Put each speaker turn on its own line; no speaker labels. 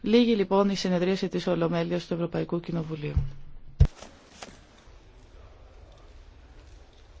Λίγη λοιπόν η συνεδρίαση της Ολομέλειας του Ευρωπαϊκού Κοινοβουλίου.